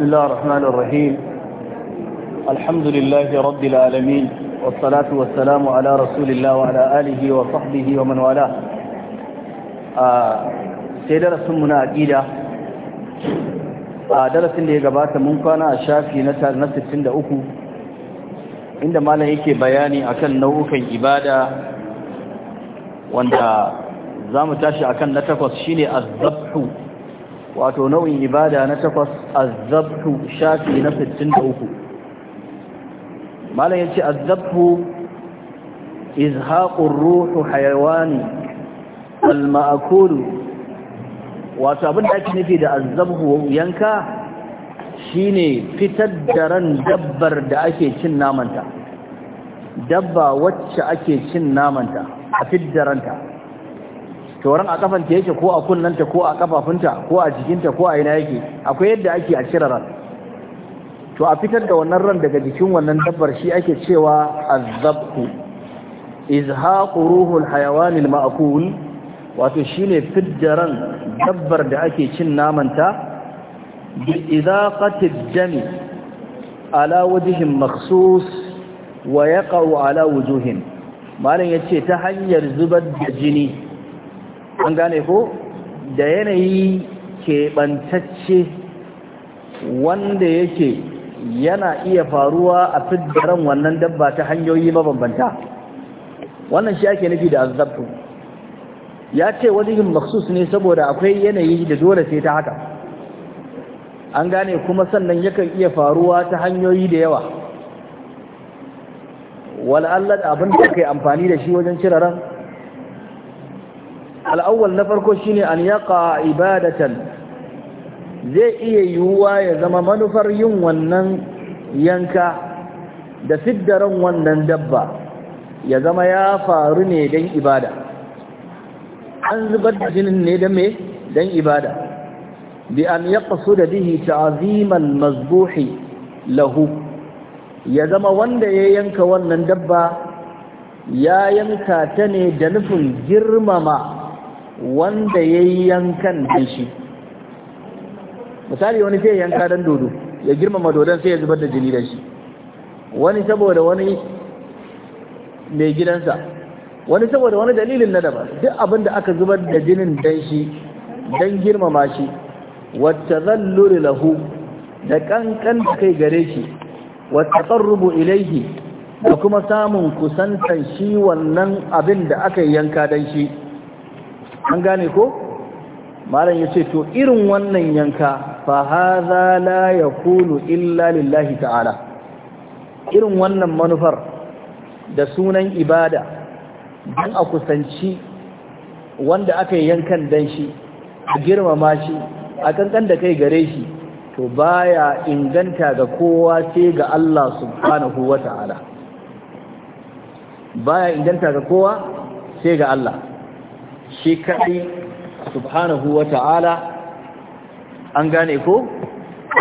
بسم الله الرحمن الرحيم الحمد لله رب العالمين والصلاة والسلام على رسول الله وعلى آله وصحبه ومن والاه سيدة رسمنا عقيدة درس اللي قبات منقنا الشافي نسال نسل سند أكو عندما لا يكي بياني أكل نوعك إبادة وانت زامتاشي أكل نتفص شيني الضبح wato nau'in ibada na takwas azzabtu shafi na 63 malam yace azzabtu izhaqur ruhu hayawani al-ma'kul wato abin da ake nufi da azzabhu yanka shine fitar da ran dabbar da ake cin namanta dabba wacce ake cin namanta a da ranta toron a kafanta yake ko a kunnanta ko a kafafunta ko a jikinta ko a ina yake akwai yadda ake a cire ran to a fitar da wannan ran daga jikin wannan dabbar shi ake cewa azabku izhaqu ruhul hayawanil ma'kul wato shine fidda ran dabbar da ake cin namanta bi idaqati jami ala wajhin makhsus wa yaqa'u ala wujuhin malam yace ta hanyar zubar da jini an gane ko da yanayi keɓantacce wanda yake yana iya faruwa a fiddaran wannan dabba ta hanyoyi mabambanta wannan shi ake nufi da azabtu ya ce wajen maksus ne saboda akwai yanayi da dole sai ta haka an gane kuma sannan yakan iya faruwa ta hanyoyi da yawa wal'allar abin da aka yi amfani da shi wajen cire al'awwal na farko shine an yaqa ibadatan zai iya yiwuwa ya zama manufar yin wannan yanka da fiddaran wannan dabba ya zama ya faru ne don ibada an zubar da jinin ne da me don ibada bi an da bihi ta'ziman mazbuhi lahu ya zama wanda ya yanka wannan dabba ya yanka ta ne da nufin girmama wanda ya yi yankan da shi misali wani sai yanka dan dodo ya girmama dodon sai ya zubar da jini da shi wani saboda wani mai gidansa wani saboda wani dalilin na daban duk abin da aka zubar da jinin dan shi dan girmama shi wata lura lahu da kankan kai gare shi wata tsarrubu ilaihi da kuma samun kusantan shi wannan abin da aka yanka dan shi an gane ko malam ya ce to irin wannan yanka fa hadha la kulu illa lillahi ta'ala irin wannan manufar da sunan ibada dan a kusanci wanda aka yankan dan shi a girmama shi a kankan da kai gare shi to baya inganta ga kowa sai ga Allah subhanahu wata'ala baya inganta ga kowa sai ga Allah shi kaɗai subhanahu wa ta'ala an gane ko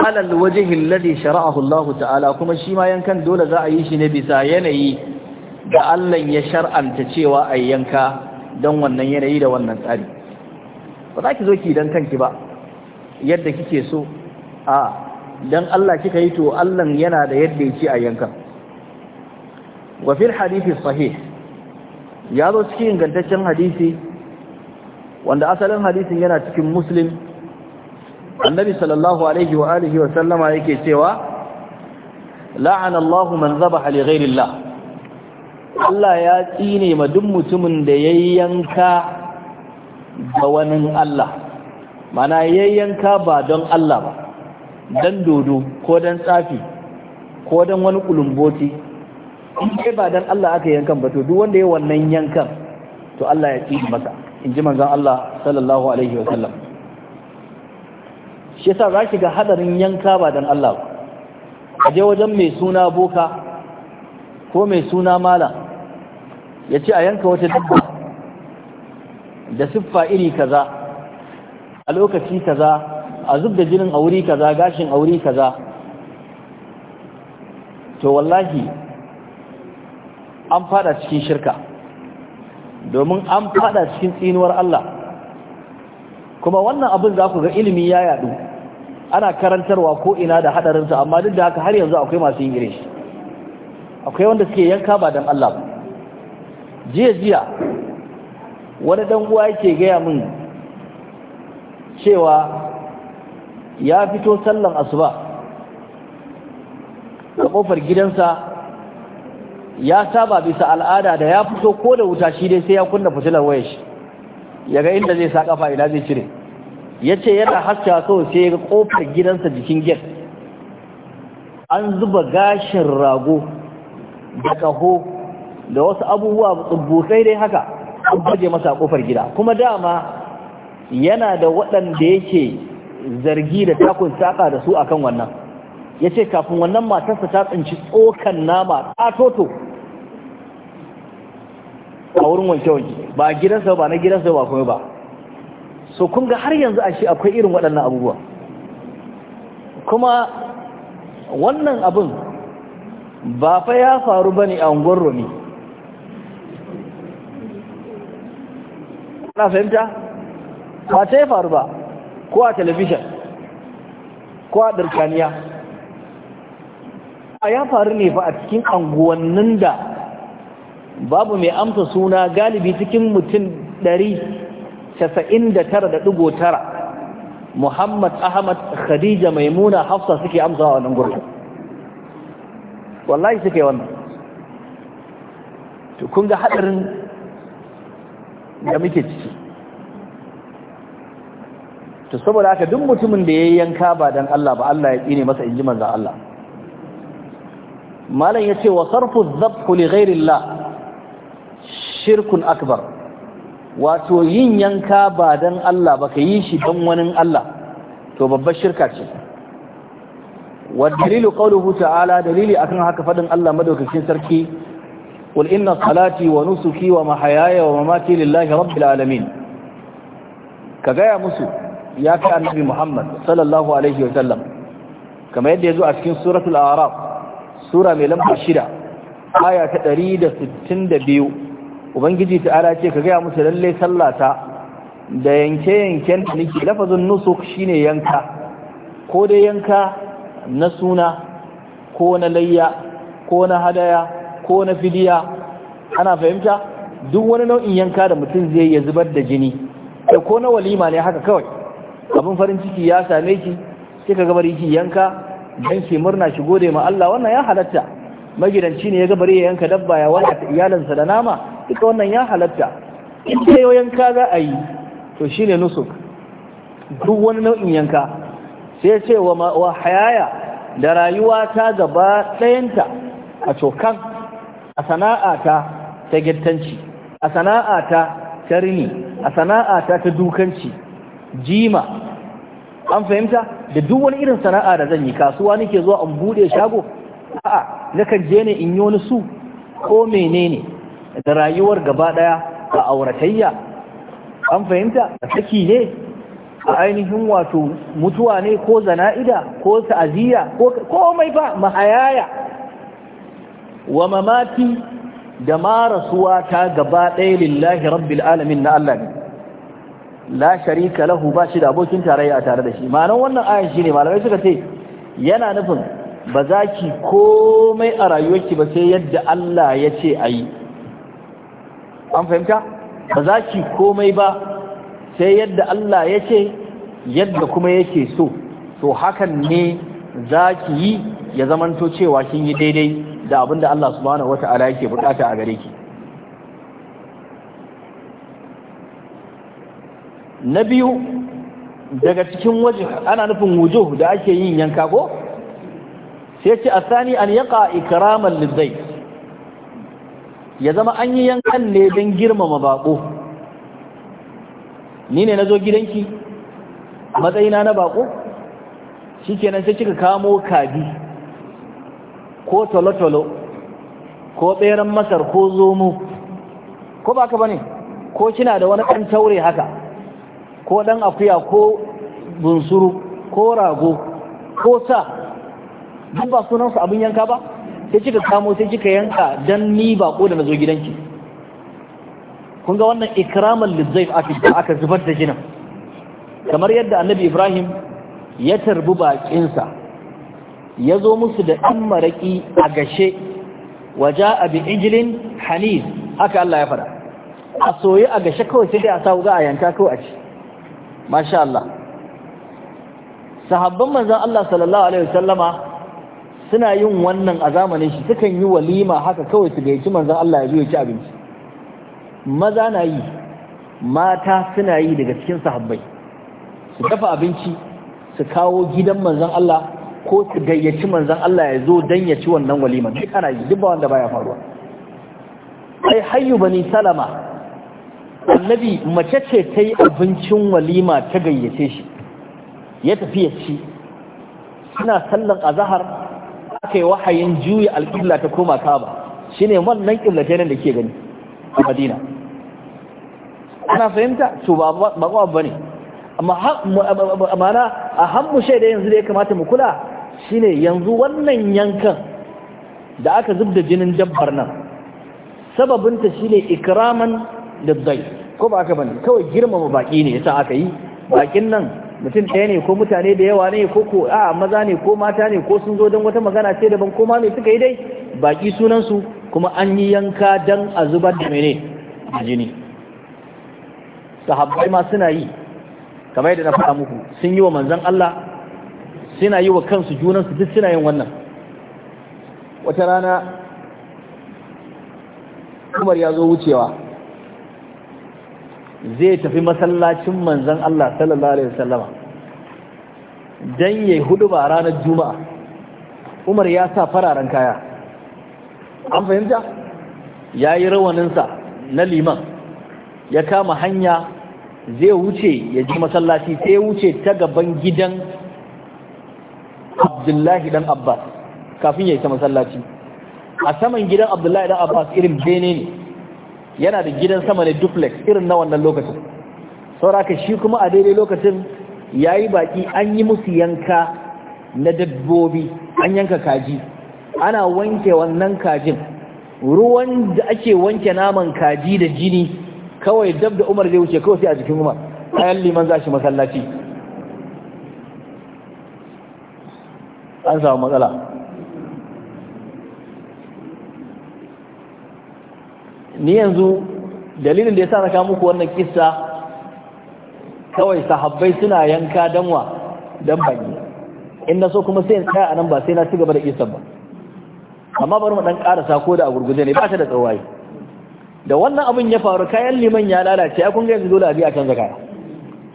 halal wajihin ladi shara'ahu Allah ta'ala kuma shi ma yankan dole za a yi shi ne bisa yanayi da Allah ya shar'anta cewa a yanka don wannan yanayi da wannan tsari ba za ki zo ki don kanki ba yadda kike so a don Allah kika yi to Allah yana da yadda yake a yanka. wa fil hadisi sahih ya zo cikin ingantaccen hadisi wanda asalin hadisin yana cikin muslim annabi sallallahu alaihi wa alihi wa sallama yake cewa La'anallahu Allahu man zabaha li ghairillah Allah ya tsine ma duk mutumin da yayyanka ga wani Allah mana yayyanka ba don Allah ba dan dodo ko dan tsafi ko dan wani kulumboti in ba dan Allah aka yankan ba to duk wanda ya wannan yankan to Allah ya tsine masa in ji manzan Allah sallallahu alaihi wasallam shi sa za ki ga hadarin yanka ba dan Allah ba je wajen mai suna boka ko mai suna mala ya ce a yanka wata dabba da siffa iri kaza a lokaci kaza a zub da jinin a wuri kaza gashin a wuri kaza to wallahi an fada cikin shirka domin an fada cikin tsinuwar Allah kuma wannan abin za ku ga ilimi ya yadu ana karantarwa ko ina da hadarinsa amma duk da haka har yanzu akwai masu yin irin akwai wanda suke yanka ba dan Allah ba jiya jiya wani dan uwa yake gaya min cewa ya fito sallan asuba a kofar gidansa ya saba bisa al'ada da ya fito ko da wuta shi dai sai ya kunna fitilar wayar shi ya ga inda zai sa kafa ina zai cire ya ce yana haska kawai sai ya ga kofar gidansa jikin gate an zuba gashin rago da kaho da wasu abubuwa tsubbutsai dai haka an baje masa kofar gida kuma dama yana da waɗanda yake zargi da takun saƙa da su akan wannan ya ce kafin wannan matarsa ta tsinci tsokan nama toto a wurin wanke wanke ba gidansa ba na gidansa ba kuma ba so kun ga har yanzu a shi akwai irin waɗannan abubuwa kuma wannan abin ba fa ya faru bane a unguwar romi na fahimta ba ta ya faru ba ko a talabishin ko a ɗarkaniya a ya faru ne ba a cikin anguwannin da babu mai amsa suna galibi cikin mutum 199.9 Muhammad Ahmad Khadija Maimuna Hafsa suke amsa wa wannan gurbin wallahi suke wannan Tukun ga haɗarin da muke ciki to saboda haka duk mutumin da ya yi yanka ba don Allah ba Allah ya tsine masa inji manzon Allah malam ya ce wa sarfu dhabh li ghairillah shirkun akbar wato yin yanka ba don Allah ba ka yi shi don wani Allah to babbar shirka ce wadalilu qawluhu ta'ala dalili akan haka faɗin Allah madaukakin sarki qul inna salati wa nusuki wa mahayaya wa mamati lillahi rabbil alamin ka gaya musu ya fi annabi Muhammad sallallahu alaihi wa sallam kamar yadda zo a cikin suratul a'raf sura mai lamba shida, aya ta 162 ubangiji ala ce ka gaya musu lallai sallata da yanke yanken da nake lafazin nusuk shine yanka ko dai yanka na suna ko na layya ko na hadaya ko na fidiya ana fahimta duk wani nau'in yanka da mutum zai ya zubar da jini sai ko na walima ne haka kawai abin farin ciki ya same ki sai ka gabar ki yanka dan ki murna shi gode ma Allah wannan ya halatta magidanci ne ya gabar ya yanka dabba ya wala iyalansa da nama duka wannan ya halatta in yanka za a yi to shi ne nusuk duk wani nau'in yanka sai ce wa hayaya da rayuwa ta gaba ɗayanta a cokan a sana'a ta ta gittanci a sana'a ta ta rini a sana'a ta ta dukanci jima an fahimta da duk wani irin sana'a da zan yi kasuwa nake zuwa an bude shago a'a nakan je ne in yi wani su ko menene da rayuwar gaba daya a auratayya an fahimta a saki ne a ainihin wato mutuwa ne ko zana'ida ko ta'aziyya ko mai ba mahayaya wa mamati da ma rasuwa ta gaba ɗaya lillahi rabbil alamin na Allah ne la sharika lahu ba shi da abokin tarayya a tare da shi ma'anar wannan ayan ne malamai suka ce yana nufin ba za ki komai a rayuwarki ba sai yadda Allah ya ce a yi an fahimta ba za ki komai ba sai yadda Allah ya ce yadda kuma yake so to hakan ne za ki yi ya zamanto cewa kin yi daidai da abinda Allah subhanahu wata'ala yake bukata a gare ki na biyu daga cikin waje ana nufin wujuh da ake yin yanka ko sai ce asani an yaqa ikraman lizai ya zama an yi yankan ne don girmama baƙo. ni ne na zo gidanki matsayina na baƙo? shi kenan sai kika kamo kaji ko tolotolo ko tseren masar ko zomo ko ba ka ne ko kina da wani ɗan taure haka ko ɗan akuya ko bunsuru ko rago ko sa duk ba sunansu abin yanka ba sai kika kamo sai kika yanka dan ni bako da nazo gidanki kun ga wannan ikramal a aka aka zubar da jinin kamar yadda annabi Ibrahim ya tarbu bakinsa ya zo musu da ɗan maraƙi a gashe waje abin ijlin hanif haka Allah ya fara a soyi a gashe kawai sai dai a sa ga a yanka kawai a ci masha Allah sahabban manzon Allah sallallahu Alaihi wasallama suna yin wannan a zamanin shi sukan yi walima haka kawai su gaici manzon Allah ya zo ci abinci maza na yi mata suna yi daga cikin sahabbai su dafa abinci su kawo gidan manzon Allah ko su gayyaci manzon Allah ya zo dan ya ci wannan walima duk ana yi duk ba wanda baya faruwa ai hayyu bani salama annabi mace ce ta yi abincin walima ta gayyace shi ya tafi ya ci suna sallan azahar aka yi wahayin juya alƙibla ta koma kaba ne wannan ƙibla da ke gani a madina ana fahimta to ba ba ba ne amma a hammu shaida yanzu da ya kamata mu kula ne yanzu wannan yankan da aka zub da jinin dabbar nan sababinta shine ikraman da zai ko ba aka bane kawai girmama baki ne sa aka yi bakin nan mutum ɗaya ne ko mutane da yawa ne ko ko a maza ne ko mata ne ko sun zo don wata magana ce daban ko ma me suka yi dai baki sunansu kuma an yi yanka dan a zubar da mene a jini sahabbai ma suna yi kamar yadda na faɗa muku sun yi wa manzon Allah suna yi wa kansu junansu duk suna yin wannan wata rana Umar ya zo wucewa zai tafi masallacin manzan Allah sallallahu alaihi wasallama dan yayi ba ranar juma'a Umar ya sa fararen kaya an fahimta yayi rawaninsa na liman ya kama hanya zai wuce ya ji masallaci sai ya wuce ta gaban gidan Abdullahi dan Abbas kafin ya isa masallaci a saman gidan Abdullahi dan Abbas irin bene ne yana da gidan sama ne duplex irin na wannan lokacin sauraka shi kuma a daidai lokacin yayi baki an yi musu yanka na dabbobi an yanka kaji ana wanke wannan kajin ruwan da ake wanke naman kaji da jini kawai dab da Umar zai wuce kawai sai a jikin Umar ayan liman za shi masallaci an samu matsala ni yanzu dalilin da ya sa na kawo muku wannan kisa kawai sahabbai suna yanka danwa dan baki in na so kuma sai in tsaya a nan ba sai na cigaba da kissa ba amma bari mu dan karasa ko da a gurguje ne ba ta da tsawaye da wannan abin ya faru kayan liman ya lalace ya kunga yanzu dole a biya canza kaya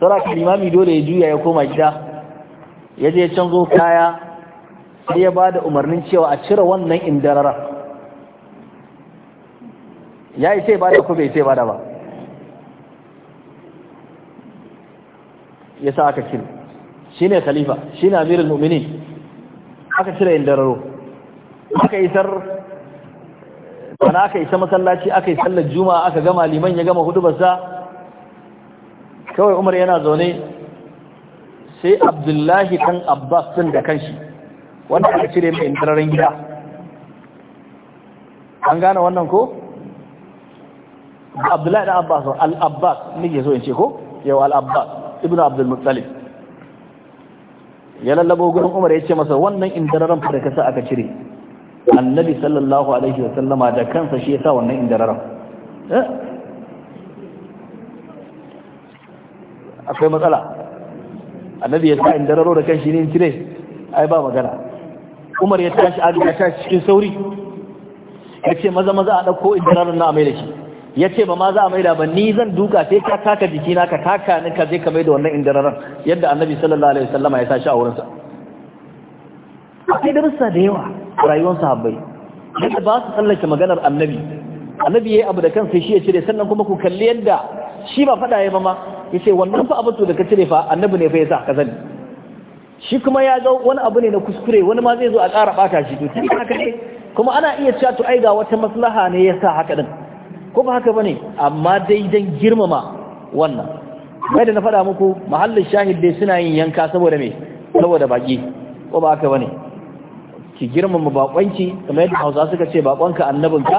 ka limami dole ya juya ya koma gida ya je canzo kaya sai ya ba da umarnin cewa a cire wannan indararar ya yi sai bada ko bai sai bada ba ya sa aka cire shi ne khalifa shi ne amirin nominin aka cire yin dararo aka sar wani aka isa masallaci aka yi sallar juma'a aka gama liman ya gama hudu hudubarsa kawai umar yana zaune sai abdullahi kan abbas sun da kanshi wanda aka cire mai dararin gida an gane wannan ko? abdullahi ɗan abbas al’abbas abbas so in ce ko yau al'abbas, ibn ibnu abdul muttalib ya lallabo gudun umar ya ce masa wannan indararan fa kasa aka cire annabi sallallahu alaihi wa sallama da kansa shi ya sa wannan indararan eh? akwai matsala annabi ya sa indararo da kan shi ne cire ai ba magana umar ya tashi a cikin sauri ya ce maza maza a ɗauko indararan na amai da shi ya ce ba ma za a maida ba ni zan duka sai ka taka jikina ka taka ni ka je ka maida wannan indararan yadda annabi sallallahu alaihi wasallama ya tashi a wurinsa akwai darussa da yawa rayuwar sahabbai yadda ba su tsallake maganar annabi annabi yayi abu da kansa shi ya cire sannan kuma ku kalli yadda shi ba fada ya ba ma yace wannan fa abu da ka cire fa annabi ne fa yasa ka zani shi kuma ya ga wani abu ne na kuskure wani ma zai zo a ƙara bata shi to kuma ana iya cewa to ai ga wata maslaha ne yasa haka din ko ba haka bane amma dai dan girmama wannan bai da na faɗa muku mahallin shahid dai suna yin yanka saboda me saboda baki ko ba haka bane ki girmama bakonki kamar yadda Hausa suka ce bakonka annabinka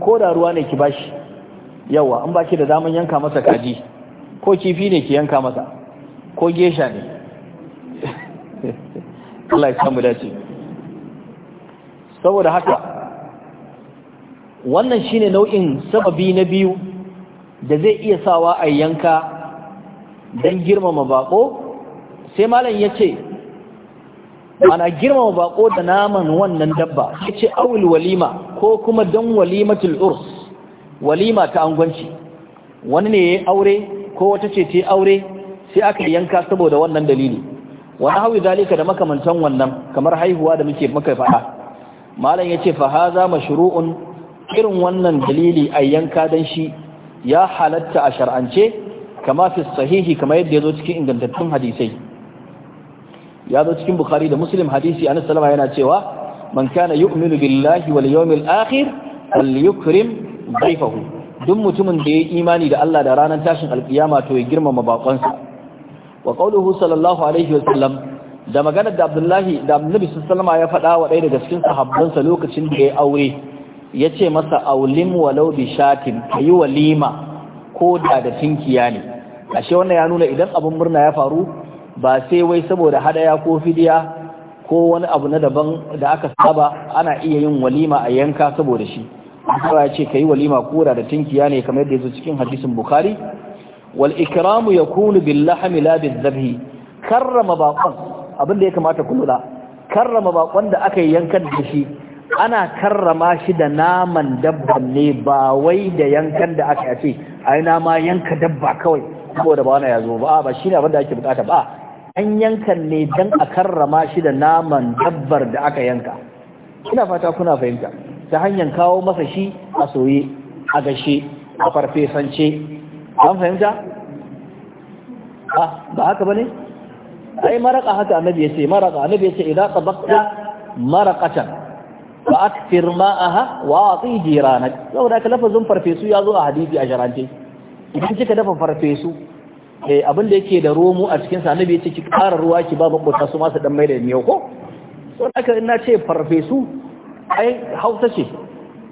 ko da ruwa ne ki bashi yawa an baki da daman yanka masa kaji ko kifi ne ki yanka masa ko gesha ne Allah ya samu dace saboda haka wannan shine nau'in sababi na biyu da zai iya sawa a yanka don girmama baƙo. sai malam ya ce ana girmama bako da naman wannan dabba ya ce awul walima ko kuma don walimatul urs walima ta angwanci wani ne ya aure ko wata ce ce aure sai aka yanka saboda wannan dalili wani hawi zalika da makamantan wannan kamar haihuwa da muke maka faɗa malam ya ce fa haza mashru'un irin wannan dalili a yanka dan shi ya halatta a shar'ance kama fi sahihi kama yadda ya zo cikin ingantattun hadisai ya zo cikin bukhari da muslim hadisi anas salama yana cewa man kana yu'minu billahi wal yawmil akhir falyukrim dhayfahu duk mutumin da ya imani da Allah da ranar tashin alkiyama to ya girmama bakonsa wa qawluhu sallallahu alaihi wa sallam da maganar da Abdullahi da Annabi sallallahu alaihi ya faɗa wa ɗaya daga cikin sahabbansa lokacin da ya aure ya ce masa aulim walau bi shatin ka yi walima ko da da tinkiya ne ashe wannan ya nuna idan abin murna ya faru ba sai wai saboda hadaya ko fidiya ko wani abu na daban da aka saba ana iya yin walima a yanka saboda shi kuma ya ce ka yi walima ko da da tinkiya ne kamar yadda yazo cikin hadisin bukhari wal ikramu yakunu bil lahmi la bil dhabhi karrama baqan abin da ya kamata ku lura karrama bakon da aka yi yankan da shi ana karrama shi da naman dabban ne ba wai da yankan da aka ce ai nama yanka dabba kawai saboda ba wani ya zo ba ba shine abin da ake bukata ba an yankan ne dan a karrama shi da naman dabbar da aka yanka ina fata kuna fahimta ta hanyar kawo masa shi a soye a gashe a farfesance an fahimta ba haka bane ai maraka haka annabi yace maraka annabi yace idan tabaqta maraqatan fa aktir ma'aha wa ati jiranak saboda ka lafazin farfesu ya zo a hadisi a jarante idan kika dafa farfesu eh abin da yake da romo a cikin sa annabi ya ce ki ƙara ruwa ki ba makota su ma su dan mai da miyau ko saboda haka ina ce farfesu ai hausa ce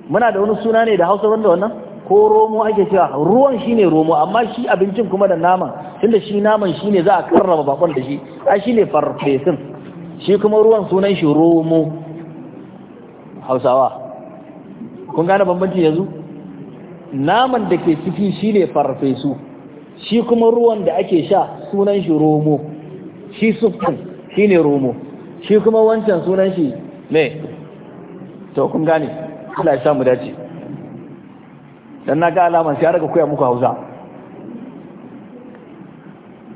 muna da wani suna ne da hausa wanda wannan ko romo ake cewa ruwan shine romo amma shi abincin kuma da naman tunda shi naman shine za a karrama bakon da shi ai shine farfesun shi kuma ruwan sunan shi romo hausawa kun gane bambanci yanzu naman da ke ciki shine farfesu shi kuma ruwan da ake sha sunan shi romo shi sufin shine romo shi kuma wancan sunan shi me to kun gane kula ya samu dace don na ga alaman sai aka kuya muku Hausa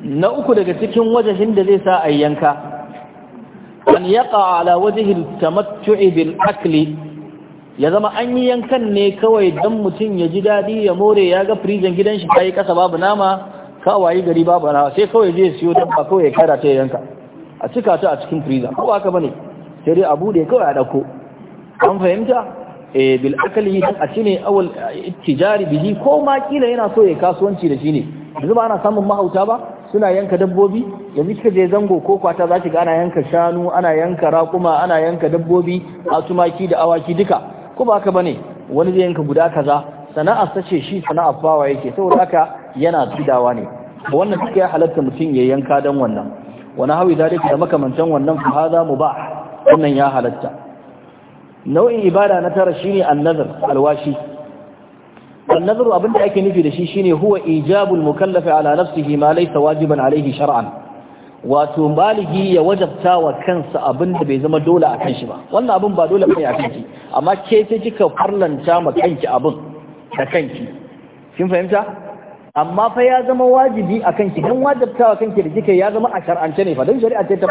na uku daga cikin wajen da zai sa a yanka an waje ala wajhi tamattu'i ibin akli ya zama an yi yankan ne kawai dan mutum ya ji daɗi ya more ya ga firijin gidan shi ta yi ƙasa babu nama kawai gari babu nama sai kawai zai siyo dabba kawai ya kara ta yanka a cika ta a cikin firiza ko haka bane sai dai abu da kawai a ɗauko an fahimta eh, a bil akali dan a cine awal tijari bihi ko ma kila yana so ya kasuwanci da shi ne yanzu ba ana samun mahauta ba suna yanka dabbobi yanzu kika je zango ko kwata za ki ga ana yanka shanu ana yanka raƙuma ana yanka dabbobi a tumaki da awaki duka ko ba haka bane wani zai yanka guda kaza Sana'a ta ce shi sana'a fawa yake saboda haka yana tudawa ne wannan suka ya halatta mutum ya yanka dan wannan wani hawi zalika da makamantan wannan fa hada mubah wannan ya halatta nau'in ibada na tara shine annazar alwashi wan nazaru abin da ake nufi da shi shine huwa ijabul mukallafi ala nafsihi ma laysa wajiban alaihi shar'an wato baligi ya wajabta wa kansa abin da bai zama dole akan shi ba wannan abin ba dole bane akan ki amma ke sai kika farlanta ma kanki abin da kanki kin fahimta amma fa ya zama wajibi a kanki dan kanki da ya zama a shar'ance ne fa dan shari'a ce ta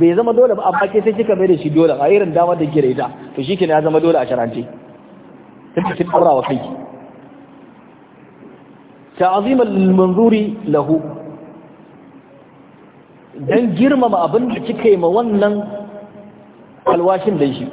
bai zama dole ba amma ke sai kika mai da shi dole a irin dama da kike da ita to shikenan ya zama dole a shar'ance tunda kin daura wa kai ta'azima lil lahu dan girmama abin da kika yi ma wannan alwashin da shi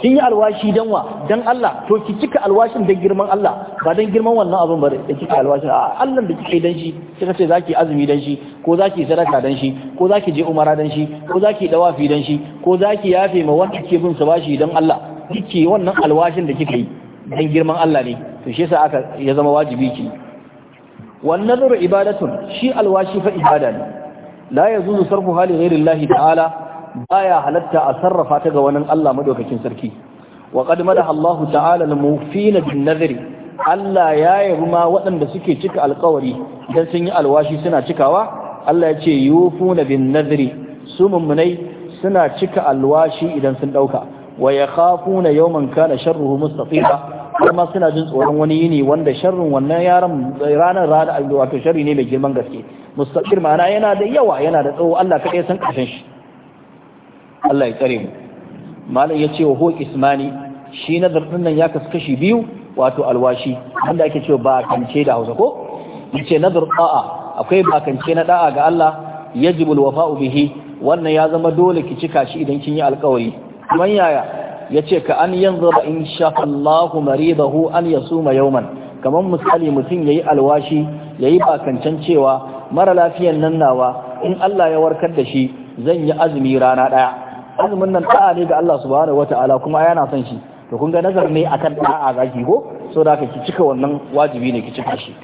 kin yi alwashi dan wa dan Allah to ki kika alwashin da girman Allah ba dan girman wannan abin ba da kika alwashin a Allah da kika yi dan shi kika ce zaki azumi dan shi ko zaki sadaka dan shi ko zaki je umara dan shi ko zaki dawafi dan shi ko zaki yafe ma wanda ke bin sa bashi dan Allah kike wannan alwashin da kika yi don girman Allah ne to shi yasa aka ya zama wajibi ki Wannan nadru ibadatun shi alwashi fa ibada ne la yazuzu sarfu hali ghairillahi ta'ala baya halatta a sarrafa ta ga wani Allah madaukakin sarki wa qad madaha Allah ta'ala al-mufina bin nadri Allah ya yabi ma waɗanda suke cika alƙawari dan sun yi alwashi suna cikawa Allah ya ce yufuna bin nadri su mummunai suna cika alwashi idan sun ɗauka. wa yakhafuna yawman kana sharruhu mustatira kuma suna jin tsoron wani yini wanda sharrin wannan yaran ranar ranar wato sharri ne mai girman gaske mustaqir ma'ana yana da yawa yana da tsawo Allah kaɗai san ƙarshen shi Allah ya tsare mu malam ya ce wa ho ismani shi nazar din nan ya kashi biyu wato alwashi wanda ake cewa ba kance da Hausa ko yace nazar da'a akwai ba kance na da'a ga Allah yajibul wafa'u bihi wannan ya zama dole ki cika shi idan kin yi alƙawari kamar yaya ya ce ka an yanzu ba in sha Allahu maridahu an ya suma yauman kamar misali mutum ya yi alwashi ya yi bakancan cewa mara lafiyan nan nawa in Allah ya warkar da shi zan yi azumi rana ɗaya azumin nan ɗa'a ne ga Allah subhanahu ta'ala kuma yana son shi to kun ga nazar ne akan ɗa'a zaki ko so da ka ki cika wannan wajibi ne ki cika shi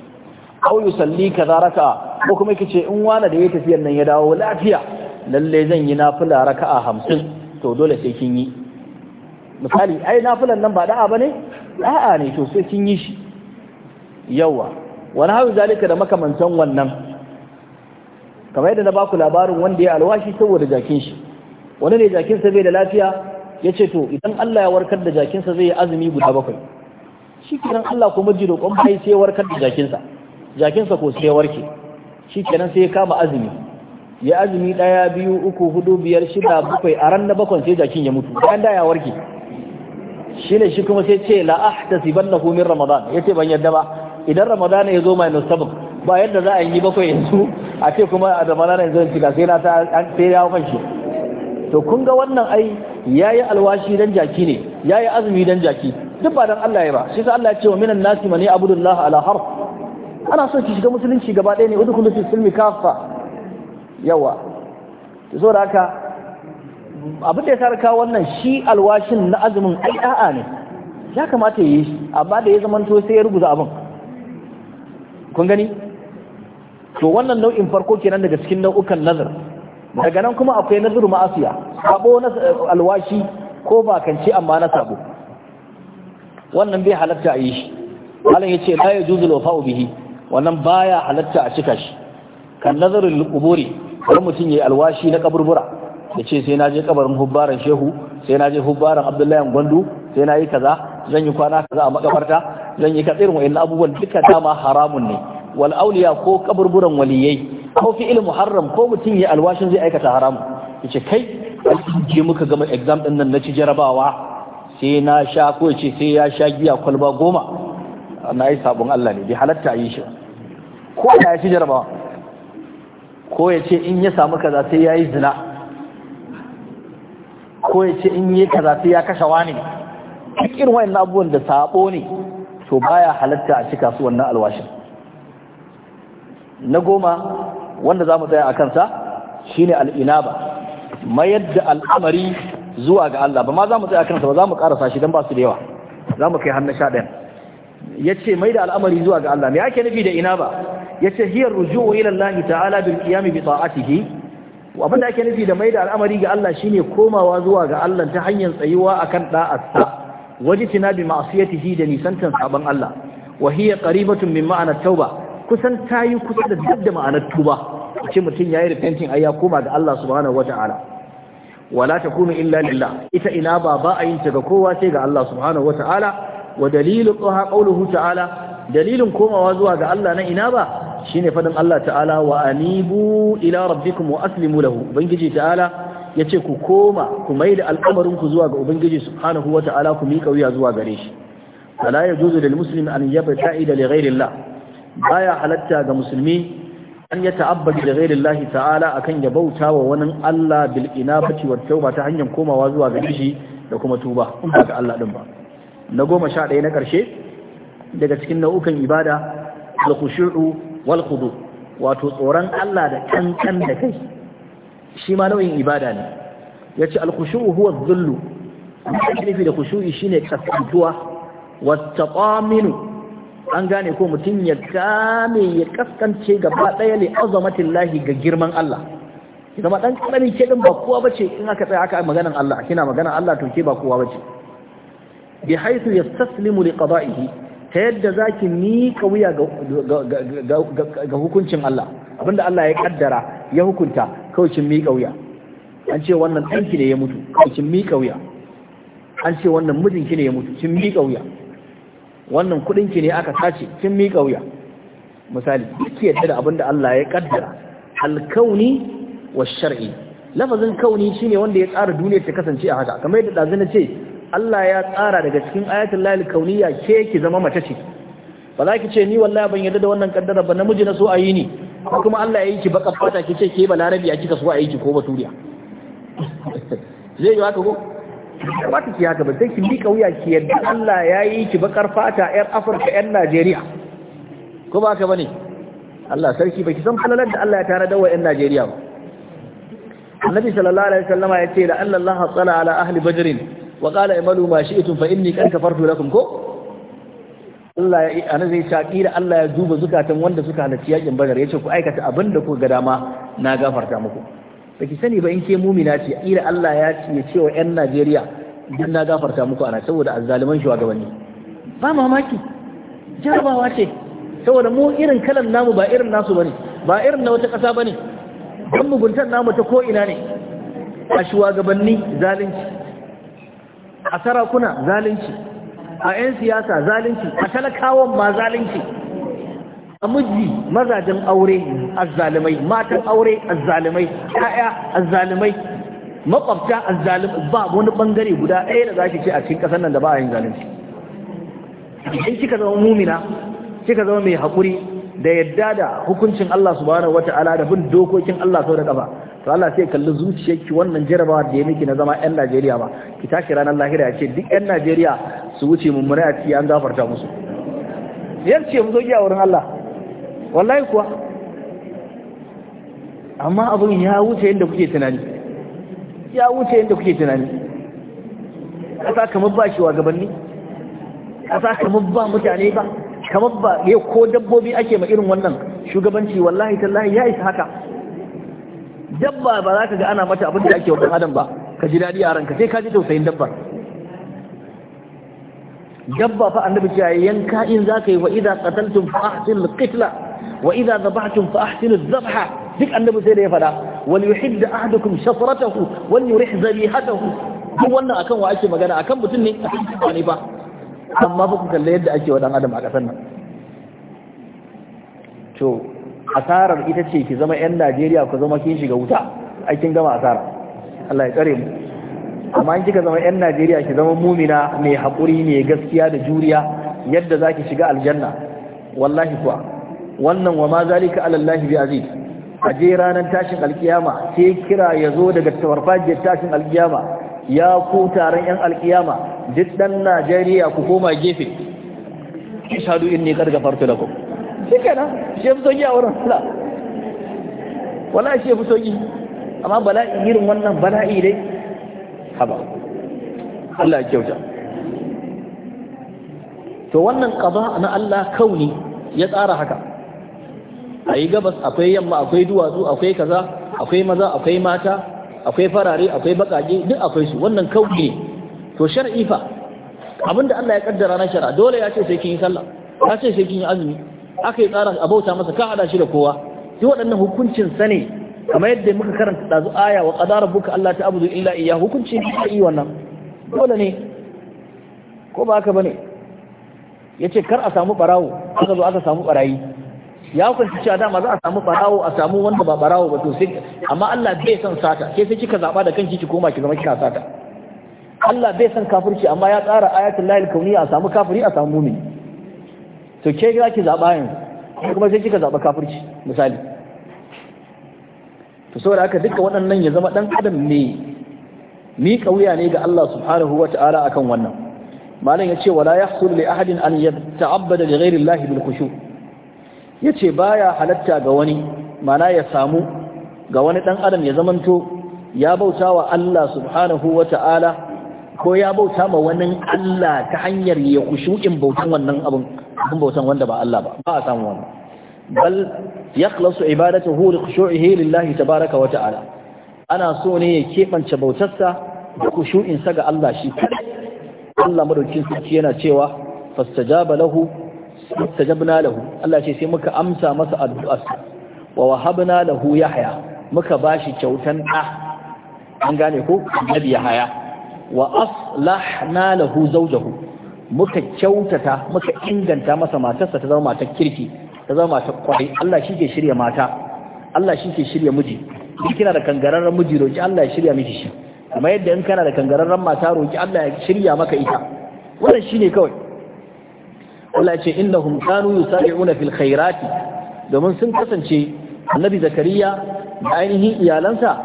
aw yusalli kaza raka ko kuma ki ce in wani da ya tafiyan nan ya dawo lafiya lalle zan yi nafila raka'a hamsin to dole sai kin yi misali ai nafilan nan ba da'a bane da'a ne to sai kin yi shi yawa wani hawi zalika da makamantan wannan kamar yadda na baku labarin wanda ya alwashi saboda jakin shi wani ne jakin sa bai da lafiya ya ce to idan Allah ya warkar da jakin sa zai yi azumi guda bakwai kenan Allah kuma ji roƙon bai sai warkar da jakin sa jakin sa ko sai warke kenan sai ya kama azumi ya azumi ɗaya biyu uku hudu biyar shida bakwai a ran na sai jakin ya mutu bayan da ya warke shi ne shi kuma sai ce la ahtasiban lahu min ramadan ce ban yadda ba idan ramadan ya zo mai nusabin ba yadda za a yi bakwai yanzu a ce kuma a ramadan yanzu in sai na ta sai ya kan shi to kun ga wannan ai yayi alwashi dan jaki ne yi azumi dan jaki duk ba dan Allah ya ba shi sa Allah ya ce wa minan nasi man ya'budu ala harf ana so ki shiga musulunci gaba ɗaya ne udkhulu fi kafa yawa so da haka abin da ya sarka wannan shi alwashin na azumin ai a'a ne ya kamata ya yi shi amma da ya zamanto sai ya rubuta abin kun gani to wannan nau'in farko kenan daga cikin nau'ukan nazar daga nan kuma akwai nazar ma'asiya sabo na eh, alwashi ko ce amma na sabo wannan bai halatta a yi shi malam ce la juzu lofa bihi wannan baya halatta a cika shi kan nazarin quburi wani mutum ya yi alwashi na kaburbura ya ce sai na je kabarin hubbaran shehu sai na je hubbaran abdullahi gwandu sai na yi kaza zan yi kwana kaza a makabarta zan yi katsirin wa'in abubuwan duka dama haramun ne wal auliya ko kaburburan waliyai ko fi ilmu haram ko mutum ya alwashin zai aikata haramun ce kai je muka gama exam din nan na ci jarabawa sai na sha ko ce sai ya sha giya kwalba goma na yi sabon Allah ne bai halatta yi shi ko ya ci jarabawa ko ya ce in ya samu kaza sai ya yi zina ko ya ce in yi kaza sai ya kashe wani duk irin wayan abubuwan da sabo ne to baya halatta a cika su wannan alwashin na goma wanda za mu tsaya a kansa shi shine al'inaba mayar da al'amari zuwa ga Allah ba ma za mu tsaya a kansa ba za mu karasa shi don ba su da yawa za mu kai hannun sha ɗaya yace mai da al'amari zuwa ga Allah me yake nufi da ina ba yace hiyar ruju'u ila Allah ta'ala bil qiyam bi ta'atihi abinda ake nufi da mai da al'amari ga Allah shine komawa zuwa ga Allah ta hanyar tsayuwa akan da'atsa wajtina bi ma'siyatihi da nisantan sabon Allah wa hiya qaribatun min ma'anar tauba kusan tayi kusa da duk da ma'anar tuba ce mutum yi repenting ai ya koma ga Allah subhanahu wata'ala wala takunu illa lillah ita ina ba ba a yin ta ga kowa sai ga Allah subhanahu wata'ala wa dalilin qaha ta'ala dalilin komawa zuwa ga Allah na ina ba shine faɗin Allah ta'ala wa anibu ila rabbikum wa aslimu lahu ubangiji ta'ala yace ku koma ku da al'amarin ku zuwa ga ubangiji subhanahu wa ta'ala ku mika wuya zuwa gare shi fala yajuzu lil muslim an yabta'ida li da Allah baya halatta ga musulmi an ya ta'abbadi da gairin lahi ta'ala akan ya bauta wa wani Allah bil'ina bacewar tauba ta hanyar komawa zuwa ga shi da kuma tuba ba ga Allah ɗin ba na goma sha ɗaya na ƙarshe daga cikin nau'ukan ibada alkushu'u khushuu wal kudu wato tsoron Allah da kankan da kai shi ma nau'in ibada ne yace al-khushu'u huwa adh-dhillu nufi da shi shine kasantuwa wat-taqaminu an gane ko mutum ya kame ya kaskance gaba ɗaya li lahi ga girman Allah ki zama dan kalamin ke ba kowa bace in aka tsaya aka maganan Allah kina maganan Allah to ke ba kowa bace bi haythu yastaslimu li ta yadda zaki miƙa wuya ga hukuncin Allah abinda Allah ya kaddara ya hukunta kawai kin miƙa wuya an ce wannan ɗanki ne ya mutu kawai kin miƙa wuya an ce wannan mijinki ne ya mutu kin miƙa wuya wannan kuɗinki ne aka sace kin miƙa wuya misali duk yadda da abinda Allah ya kaddara alkauni wa shar'i lafazin kauni shine wanda ya tsara duniyar ta kasance a haka kamar yadda na ce Allah ya tsara daga cikin ayatul lail kauniya ke ki zama mace ce ba za ki ce ni wallahi ban yarda da wannan kaddara ba namiji na so a yi ni kuma Allah ya yi ki baka fata ki ce ke ba larabi a kika so a yi ki ko baturiya zai yi haka ko ba ta ki haka ba sai ki mika wuya ki yarda Allah ya yi ki bakar fata yar Afirka yar Najeriya ko ba ka bane Allah sarki baki san falalar da Allah ya tare da wa'yan Najeriya ba Annabi sallallahu alaihi wasallama ya ce da Allah tsala ala ahli badrin wa qala imalu ma shi'tum fa inni qad kafartu lakum ko Allah ya ana zai ta kila Allah ya duba zukatan wanda suka halarci yakin Badar yace ku aikata abinda da kuka ga dama na gafarta muku baki sani ba in ke mumina ce kila Allah ya ce ce wa ƴan Najeriya dan na gafarta muku ana saboda azzaliman shugabanni ba mamaki jarabawa ce saboda mu irin kalan namu ba irin nasu bane ba irin na wata ƙasa bane dan muguntan namu ta ko ina ne a shugabanni zalunci a sarakuna zalunci a 'yan siyasa zalunci a talakawan ma zalunci a miji mazajen aure azzalumai matan aure azzalumai ƙaya azzalumai makwabta azzalumai ba wani ɓangare guda ɗaya da zaki ce a cikin ƙasar nan da ba a yin zalunci idan kika zama mumina kika zama mai haƙuri da yadda da hukuncin Allah subhanahu wata'ala da bin dokokin Allah sau da ƙafa to Allah sai kalli zuciyarki wannan jarabawa da ya miki na zama yan Najeriya ba ki tashi ranar lahira ya ce duk yan Najeriya su wuce mun a ciki an gafarta musu yar ce mu zo giya wurin Allah wallahi kuwa amma abin ya wuce yadda kuke tunani ya wuce yadda kuke tunani ƙasa kamar ba shi wa gabanni ƙasa kamar ba mutane ba kamar ba ko dabbobi ake ma irin wannan shugabanci wallahi tallahi ya isa haka dabba ba za ka ga ana mata abin da ake wa adam ba ka ji daɗi a ranka sai ka ji tausayin dabba dabba fa annabi ce yanka in za ka yi wa idza qataltum fa ahsinul qitla wa idza dhabhtum fa ahsinuz dhabha duk annabi sai da ya fada wal yuhidd ahadukum shafratahu wal yurih zabihatahu duk wannan akan wa ake magana akan mutum ne a cikin wani ba amma ba ku kalle yadda ake wa dan adam a kasan nan to asarar ita ce ki zama 'yan najeriya ku zama kin shiga wuta aikin gama asara Allah ya tsare mu amma in kika zama 'yan najeriya ki zama mumina mai haƙuri mai gaskiya da juriya yadda za ki shiga aljanna wallahi kuwa wannan wa ma zalika alallahi bi aziz a je ranar tashin alkiyama sai kira ya zo daga tawarfajiyar tashin alkiyama ya ku taron 'yan alkiyama duk ɗan najeriya ku koma gefe ne inni qad ghafartu lakum shi kenan shi fi sauki a wurin Allah wala shi fi sauki amma bala'i irin wannan bala'i dai haba Allah kyauta to wannan qada na Allah kauni ya tsara haka ayi gabas akwai yamma akwai duwatsu akwai kaza akwai maza akwai mata akwai farare akwai bakaje duk akwai su wannan kauni ne to shar'i fa abinda Allah ya kaddara na shara dole ya ce sai kin yi sallah ya ce sai kin yi azumi aka yi tsara abauta masa ka hada shi da kowa shi waɗannan hukuncin ne kamar yadda muka karanta ɗazu aya wa Allah rabbuka abu ta'budu illa iya ne ka yi wannan dole ne ko ba haka bane yace kar a samu barawo aka zo aka samu barayi ya kunci cewa dama za a samu barawo a samu wanda ba barawo ba to sai amma Allah bai san sata sai sai kika zaba da kanki ki koma ki zama kika sata Allah bai san kafirci amma ya tsara ayatul lail kauni a samu kafiri a samu mumini to ke za ki zaɓa ko kuma sai kika zaɓa kafirci misali to saboda haka duka waɗannan ya zama ɗan adam ne mi wuya ne ga Allah subhanahu wa ta'ala akan wannan malam ya ce wala yahsul li ahadin an yata'abbada li ghayri Allah bil khushu yace baya halatta ga wani mana ya samu ga wani ɗan adam ya zamanto ya bautawa Allah subhanahu wa ta'ala ko ya bauta ma wani Allah ta hanyar ya kushu'in bautan wannan abin abin bautan wanda ba Allah ba ba a samu wanda. bal yakhlasu ibadatuhu li khushu'ihi lillahi tabaaraka wa ta'ala ana so ne ya kebance bautarsa da khushu'in sa ga Allah shi Allah madaukin sarki yana cewa fastajaba lahu fastajabna lahu Allah ce sai muka amsa masa addu'arsa wa wahabna lahu yahya muka bashi kyautan da an gane ko annabi yahya wa aslahna lahu zawjahu muka kyautata muka inganta masa matarsa ta zama matar kirki ta zama matar kwarai Allah shi ke shirya mata Allah shi ke shirya miji in kina da kangararren miji roki Allah ya shirya miki shi kamar yadda in kana da kangararren mata roki Allah ya shirya maka ita wannan shine kawai Allah ya ce innahum kanu yusari'una fil khairati domin sun kasance annabi zakariya da ainihin iyalansa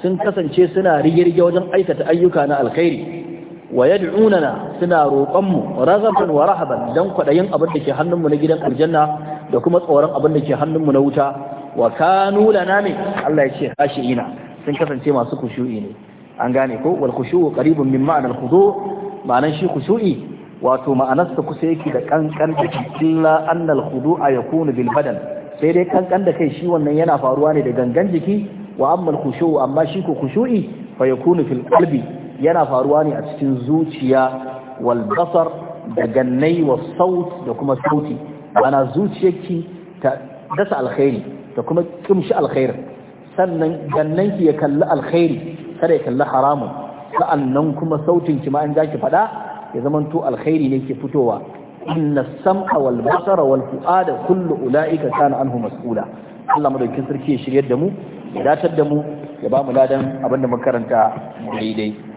sun kasance suna rige-rige wajen aikata ayyuka na alkhairi wa yad'unana suna roƙon mu ragaban wa rahaban dan kwadayin abin da ke hannun mu na gidan aljanna da kuma tsoron abin da ke hannun mu na wuta wa kanu lana ne Allah ya ce khashi'ina sun kasance masu khushu'i ne an gane ko wal khushu'u qaribun min ma'anar khudu ma'anan shi khushu'i wato ma'anar sa kusa yake da kankan da illa annal khudu'a yakunu bil badan sai dai kankan da kai shi wannan yana faruwa ne da gangan jiki wa amma al khushu'u amma shi ko khushu'i fa yakunu fil qalbi yana faruwa ne a cikin zuciya wal basar da gannai wa saut da kuma sauti mana zuciyarki ta dasa alkhairi da kuma kimshi alkhairi sannan gannanki ya kalli alkhairi kada ya kalli haramun sa'annan kuma sautinki ma an zaki faɗa ya zamanto alkhairi ne ke fitowa inna sam'a wal basara wal fu'ada kullu ula'ika kana anhu mas'ula Allah madaukin sarki ya shiryar da mu ya datar da mu ya ba mu ladan abinda makaranta karanta daidai